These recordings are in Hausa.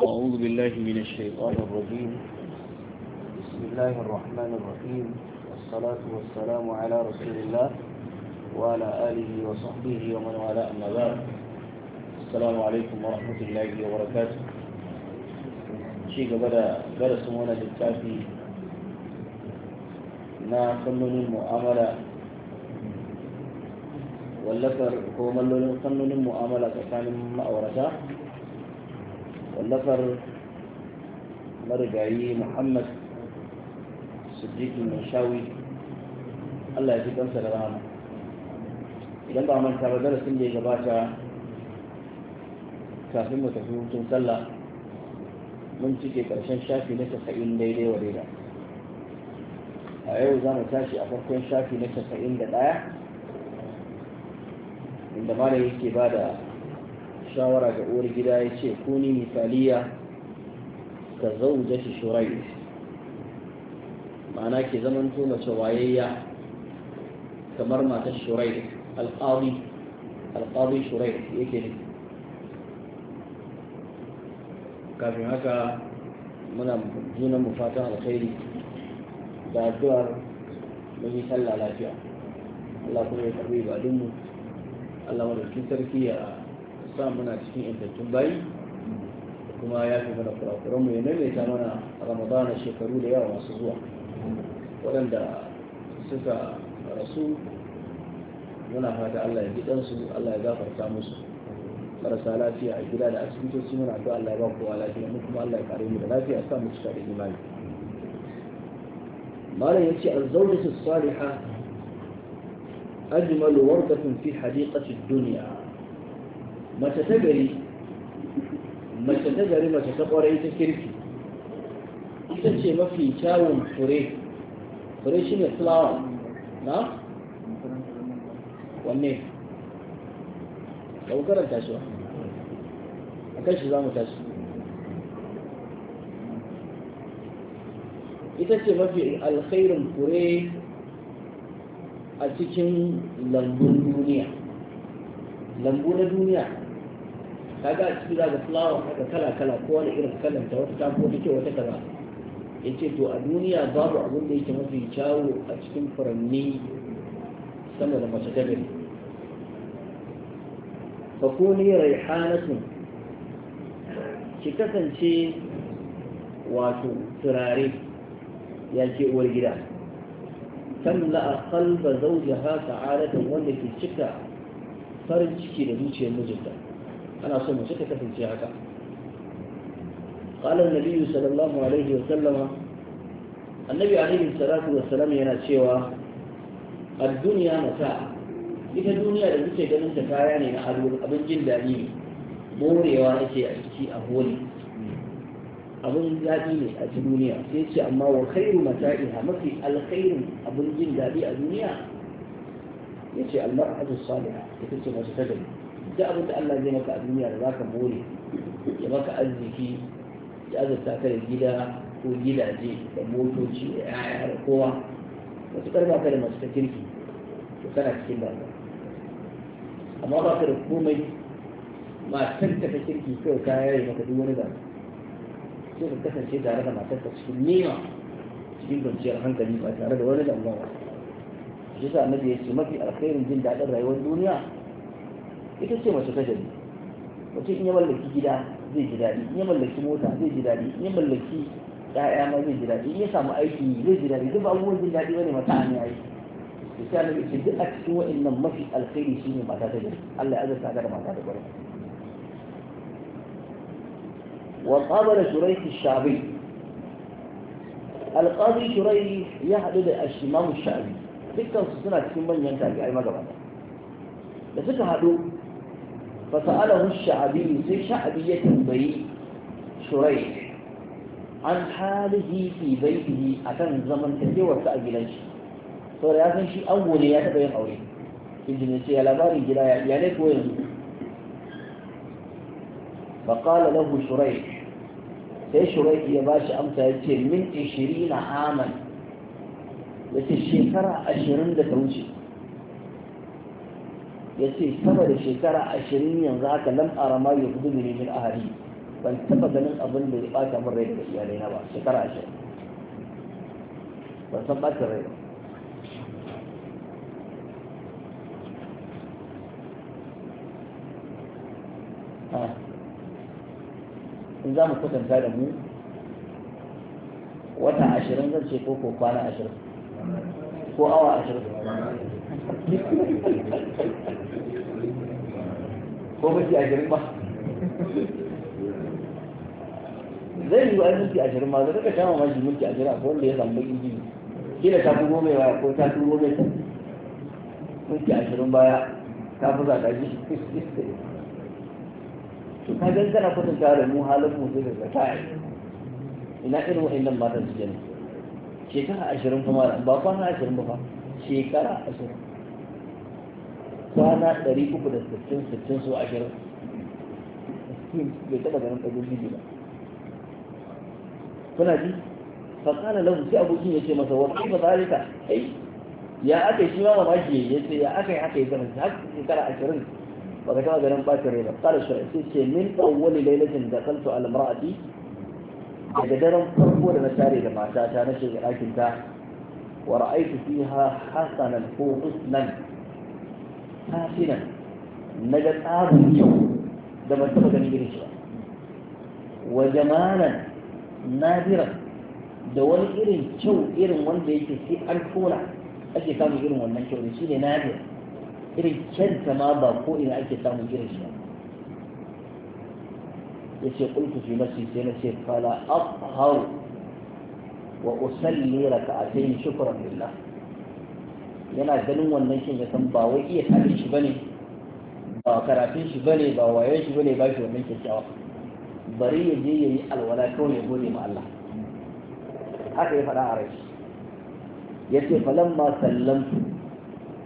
أعوذ بالله من الشيطان الرجيم بسم الله الرحمن الرحيم والصلاة والسلام على رسول الله وعلى آله وصحبه ومن والاه أما بعد السلام عليكم ورحمة الله وبركاته شيء بدأ درس هنا للتعفي na fannonin mu'amala wallafar ko mallonin fannonin mu'amala tsakanin ma'aurata wallafar marigayi muhammad siddiqin manshawi allah ya fi kansa da rana idan ba manta ba darasin da ya gabata kafin mu tafi hutun sallah mun cike karshen shafi na tasa'in daidai wa daida a yau za mu tashi a farkon shafi na tasa'in da ɗaya inda mara yake ba da shawara ga uwar gida ya ce kuni misaliya ka zauja shi shurai ma'ana ke zaman to mace wayayya kamar matar shurai alƙawi alƙawi shurai yake ne kafin haka muna juna mu fatan alkhairi da addu'ar mun yi sallah lafiya Allah kuma ya karbi ibadunmu Allah madaukin sarki ya sa muna cikin intattun bayi kuma ya fi mana kurakuranmu ya maimaita mana ramadana shekaru da yawa masu zuwa waɗanda suka rasu muna fata Allah ya ji ɗansu Allah ya gafarta musu marasa lafiya a gida da asibitoci muna addu'a Allah ya ba kowa lafiya mu kuma Allah ya kare mu da lafiya sa mu cika da imani malam ya az-zawjatu as-salihah ajmalu wardatun fi hadiqati ad mace ta gari mace ta gari mace ta kwarai ta kirki ita ce mafi kyawun fure fure shi ne flower na? wanne tashiwa a kan shi za mu tashi ita ce mafi alkhairin fure a cikin lambun duniya lambu na duniya ta ga ciki ga fulawa haka kala kala ko wani irin kalan ta wata tafi wata kyau wata kaza ce to a duniya babu abin da yake mafi kyawo a cikin furanni sama da mace ta gari fakuni raihanatun ki kasance wato turare ya ke uwar gida tamla a kalba zaujaha sa'adatan wanda ke cika farin ciki da zuciyar mijinta ana so mace ta kasance haka قال النبي صلى الله عليه وسلم النبي عليه الصلاة والسلام yana cewa الدنيا mata. ita duniya da kuke ganin ta kaya ne na ado abin jin daɗi ne morewa ake a ciki a holi abin daɗi ne a duniya sai ce amma wa khairu mata'iha mafi alkhairin abin jin daɗi a duniya Yace ce almar'atu salihah ita ce masu ta gari duk abin da Allah zai maka a duniya da zaka more ya maka arziki ya azurta ka da gida ko gidaje da motoci da yaya da kowa wasu karfa ka da masu ta kirki to kana cikin damuwa amma ba ka da komai matan ta kirki kawai ka yare maka duk wani damuwa sai ka kasance tare da matar ka cikin nema cikin kwanciyar hankali ba tare da wani damuwa ba yasa annabi ya ce mafi alkhairin jin dadin rayuwar duniya ita ce mace ta gari wace in ya mallaki gida zai ji dadi in ya mallaki mota zai ji dadi in ya mallaki ƴaƴa ma zai ji dadi in ya samu aiki zai ji dadi duk abubuwan jin dadi bane mata an yayi to sai annabi ce duk a cikin wa'annan mafi alkhairi shine mata ta gari Allah ya azurta da mata da gari وقابل شريح الشعبي القاضي شريح يحدد الشمام الشعبي dukkan suna cikin manyan tabi'ai magabata da suka haɗu fa sa'alahu sha'abi sai sha'abi ya tambayi shurai an halihi fi baitihi akan zamantakewar sa a gidan shi saboda ya san shi an gode ya taɓa yin aure injin ce ya labarin gida ya iyalai ko yanzu فقال له شريح sai shurai ya bashi amsa ya ce min ishirina aman ya ce shekara ashirin da ta wuce ya ce sama da shekara ashirin yanzu haka lam arama ya kudu da min ahari ban taba ganin abin da ya bata min rai da iyalai na ba shekara ashirin ban san bata rai ba in za mu kwatanta da mu wata ashirin zan ce ko kwana ashirin ko awa ashirin ko shi ashirin ba zai yi wani minti ashirin ma zai rika sha shi minti ashirin a wanda ya samu baƙin jini kila ta fi gome baya ko ta fi gome ta minti ashirin baya ta fi zaka ji to ka gangana kwatanta da mu halin mu zai da zaka ina irin nan matan su kenan shekara ashirin kuma ba kwana ashirin ba shekara ashirin kwana ɗari uku da sittin sittin su ashirin bai taɓa ganin ɗagun jiji ba kuna ji fasana lahu sai abokin ya ce masa wani kai fasalika ai ya aka shi ma mamaki ya ce ya aka yi aka yi zama har shekara ashirin ba ka taɓa ganin ɓacin rai ba ƙara shi sai ce min ɗan wani lailatin da kanto al-mar'ati daga daren farko da na tare da matata na shiga ɗakin ta wa ra'aytu fiha hasanan ko husnan hasinan ga tsarin kyau da ban taɓa ganin irin shi ba wa jamalan nadiran da wani irin kyau irin wanda yake sai an tona ake samun irin wannan kyau ne shine nadir irin kyanta ma ba ko ina ake samun irin shi ba yace qultu fi nafsi sai na ce fala Afhar wa usalli rak'atayn shukran lillah yana ganin wannan shin ya san ba wai iya halin shi bane ba karatun shi bane ba waye shi bane ba shi wannan kyakkyawa bari ya je ya yi alwala kawai ya gode ma Allah haka ya faɗa a rai Ya ce yace falamma sallam!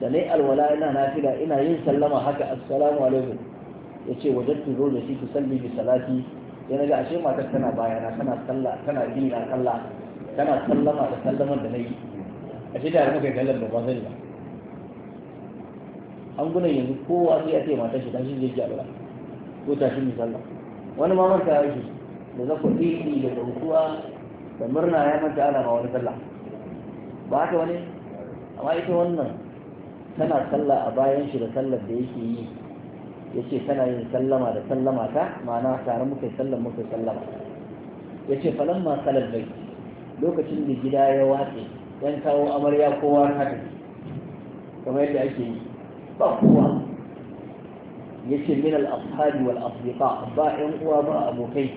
da na yi alwala ina nafila ina yin sallama haka assalamu alaikum Ya ce, da shi su salli bi salati ya naga ashe matar tana bayana tana sallah tana gini na sallah tana sallama da sallaman da nayi ashe da muka kallon da ba zai ba an guna yanzu kowa sai ya ce matar shi tashi zai gyara ko tashi shi sallah wani ma manta ya shi da zaku ni da gautuwa da murna ya manta ana ma wani sallah ba haka wani amma ita wannan tana sallah a bayan shi da sallar da yake yi yace kana yin sallama da sallama ta ma'ana tare muka yi sallan muka sallama yace ma salal bai lokacin da gida ya watse yan kawo amarya kowa haka kamar yadda ake yi ba kowa yace min al wal Afrika, ba yan uwa ba abokai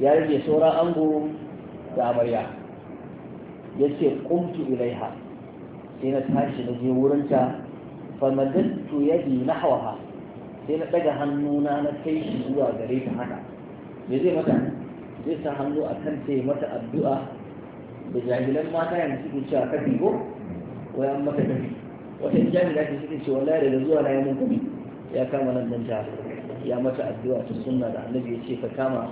ya rage sauran ango da amarya yace ƙumtu ilaiha sai na tashi na je wurinta fa yadi nahwaha sai na ɗaga hannuna na kai shi zuwa gare ta haka me zai mata zai sa hannu a kan ta mata addu'a da jahilan mata yanzu suke cewa kafi ko wai an mata kafi wata jami'a ce suke cewa wallahi da zuwa na yamin kafi ya kama nan dan ta, ya mata addu'a ta sunna da annabi ya ce ka kama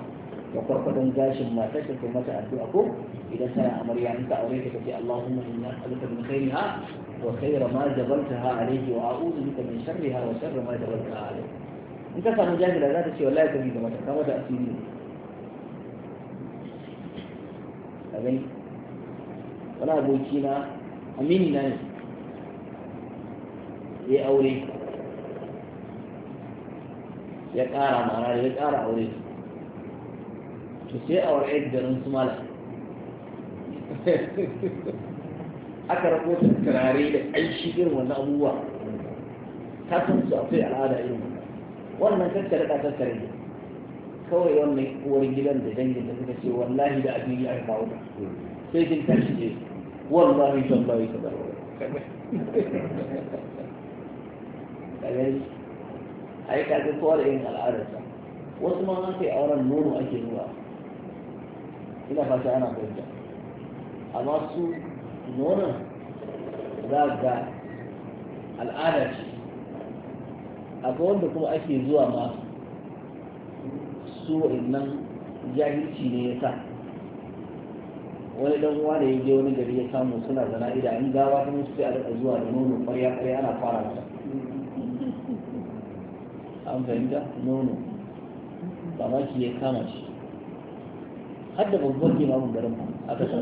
da farfadon gashin matar ta mata addu'a ko idan tana amarya in ka aure ta kace Allahumma inna as'aluka min khairiha wa khayra ma jabaltaha alayhi wa a'udhu bika min sharriha wa sharra ma jabaltaha alayhi in ka samu jahila za ta ce wallahi ka da mata kama da asiri a gani wani aboki na amini na ne ya aure ya ƙara ma'ana ya ƙara aure to a wani garin su mala aka rako su turare da ƙanshi irin wannan abubuwa ka san su akwai al'ada irin wannan kakkare ka kakkare ne kawai wannan uwar gidan da dangin da suka ce wallahi da abin ya ba da sai kin tashi ne wallahi tallahi ka baro kagai ai ka ga kowa da yin al'adarsa wasu ma an kai auren nono ake nuna. ina fata ana fahimta amma su nonon za ga al'ada ce akwai wanda kuma ake zuwa ma su wa'annan jahilci ne ya sa wani dan uwa da ya je wani gari ya samu suna zana ida an gawa kuma su sai a zuwa da nono kwarya kwarya ana fara ta an fahimta nono ba ma ya kama shi har da babban limamin garin aka sa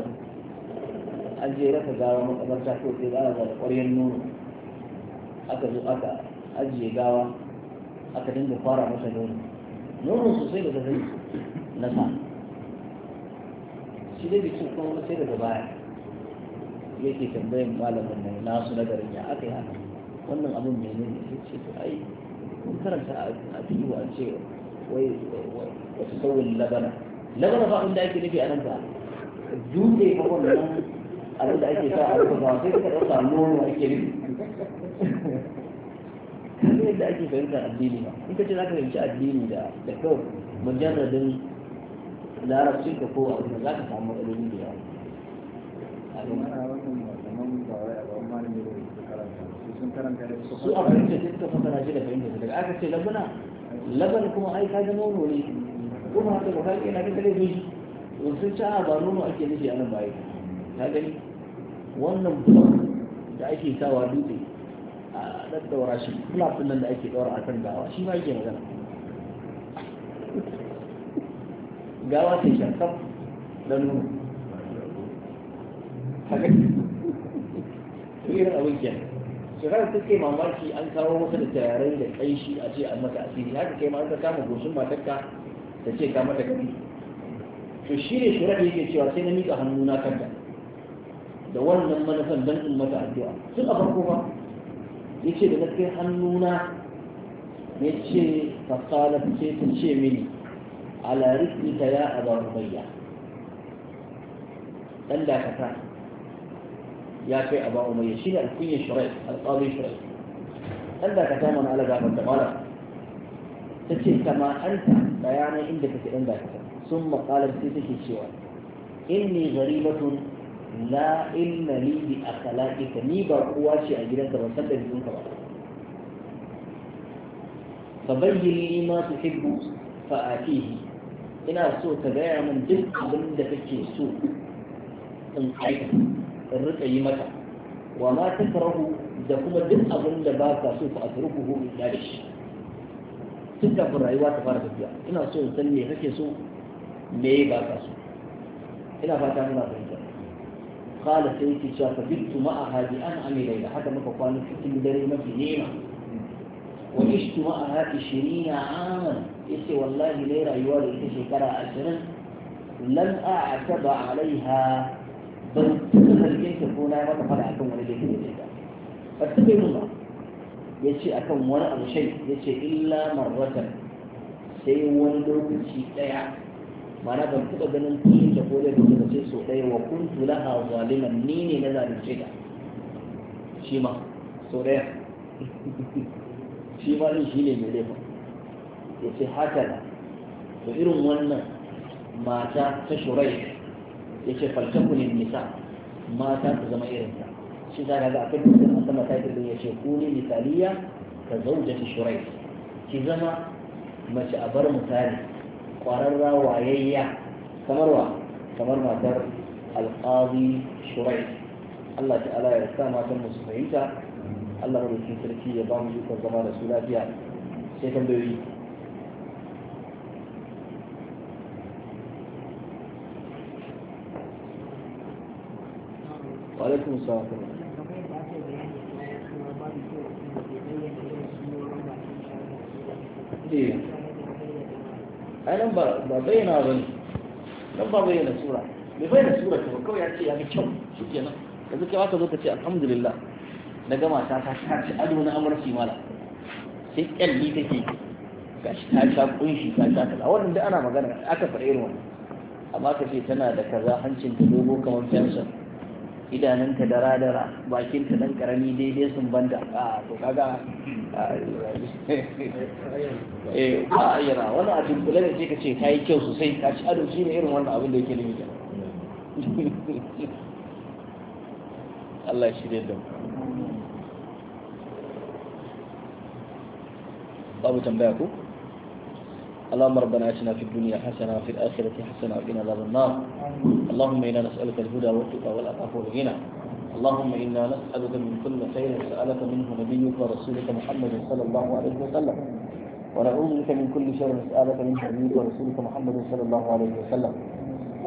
an je raka gawa makabarta ko sai nono aka zo aka ajiye gawa aka dinga fara masa nono nono sosai da zai na sa shi dai bikin kuma sai daga baya yake tambayin malamin nan nasu na garin ya aka yi haka wannan abin mai ne ya ce to ai kun karanta a biyu an ce wai wasu sauyin labana lagana ba inda ake nufi a nan ta dutse ba wannan abin da ake sa a rufe ba sai suka ɗauka nono ake nufi kan yadda ake fahimtar addini ba in ka ce za ka fahimci addini da da kawai mujarradin larabcin ka ko a da za ka samu matsaloli da yawa su a fahimta sai suka fasara shi da fahimta daga aka ce labana laban kuma ai ka ga nono ne Kuma ba haka ba ka ga yana da kare doji to a ba nono ake nufi a nan baya ka gani wannan block da ake sawa dutse a daddaura shi flap nan da ake daura akan gawa shi ma yake magana gawa ta shakar da nono Ta gani irin abin kenan shekarar kai mamaki an kawo maka da tayarai da kai shi a ce a maka asiri haka kai ma an ka kama goshin matakka. ta ce ka mata kafi to shi ne shirar yake cewa sai na miƙa hannuna kanta da wannan manufan don in mata addu'a sun a farko ba ya ce da na hannuna ya ce fasalar ce ta ce mini A ala rikita ya aba rumayya dan dakata ya kai aba umayya shi ne alkunyar shirai alƙalin shirai dan dakata mana ala gafar da malam ta ce kama anta bayanai inda kake ɗan da ta sun maƙalar sai take cewa inni gharibatun la inna li bi akhlaqika ni ba kowa ce a gidanka ban san da ka ba fa bayyin li ma tuhibbu fa atihi ina so ka gaya min duk abin da kake so in aika in rika yi mata wa ma takrahu da kuma duk abin da ba ka so fa atrukuhu illa da shi tun kafin rayuwa ta fara tafiya ina so in san me kake so me ba ka so ina fata muna fahimta qala sai yake cewa fa bittu ma'aha bi an amila da haka muka kwana cikin dare mafi nema wa ishtu ma'aha 20 aman yace wallahi ne rayuwa da ita shekara 20 lam a'taba alaiha ban tuka zargin ta ko na mata fara akan wani da yake da ita ba tuka yi ba ya ce akan wani abu shai ya ce illa marwatan sai wani lokaci ɗaya mana ban taɓa ganin fushin da ko da ba ce so ɗaya wa kuntu laha zaliman ni ne na zalunce ta shi ma so ɗaya shi ma ɗin shi ne mai laifin ya ce haka da to irin wannan mata ta shurai ya ce faltakunin nisa mata ta zama irin ta الشيخ قال هذا أعتقد أن أسمى تايت اللي يشيكوني مثالية كزوجة شريف كزما ما شاء أبر مثالي قررى وعيية كمروى كمر ما در القاضي شريف الله تعالى يرسام عشان مصفحيتا الله رب الكين سلكي يبام جوكا زمان رسولا فيها شيخا بيوي وعليكم السلام ورحمة الله eh ainihin ba bayyana ba ne don ba bayyana sura bai bayyana sura ta kawai ya ce ya fi kyau shi ke nan suke kai aka zo ka ce alhamdulillah na gama ta ta ta ci ado na amurci mala sai kyalli ta take gashi ta sha kunshi ta sha kaza wannan da ana magana aka faɗa irin wannan amma ka ce tana da kaza hancin ta dogo kamar fensa idanunta dara dara bakinta dan karami daidai sun banda a to kaga eh ba yana wani a tunkule da sai ka ce ta yi kyau sosai ka ci ado shi ne irin wannan abin da yake nufi Allah shi da babu tambaya ko اللهم ربنا اتنا في الدنيا حسنه وفي الاخره حسنه وقنا عذاب النار اللهم انا نسالك الهدى والتقى والعفو والغنى اللهم إنا نسألك من كل خير سألك منه نبيك ورسولك محمد صلى الله عليه وسلم ونعوذ بك من كل شر سألك منه نبيك ورسولك محمد صلى الله عليه وسلم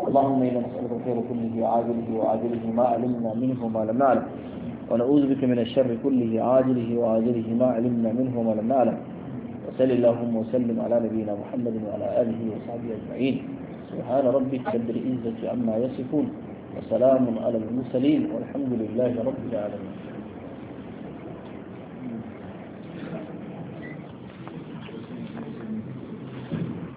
اللهم إنا نسألك الخير كله عاجله وعاجله ما علمنا منه ما لم نعلم ونعوذ بك من الشر كله عاجله وعاجله ما علمنا منه ما لم نعلم وصل اللهم وسلم على نبينا محمد وعلى آله وصحبه أجمعين سبحان ربك رب العزة عما يصفون وسلام على المرسلين والحمد لله رب العالمين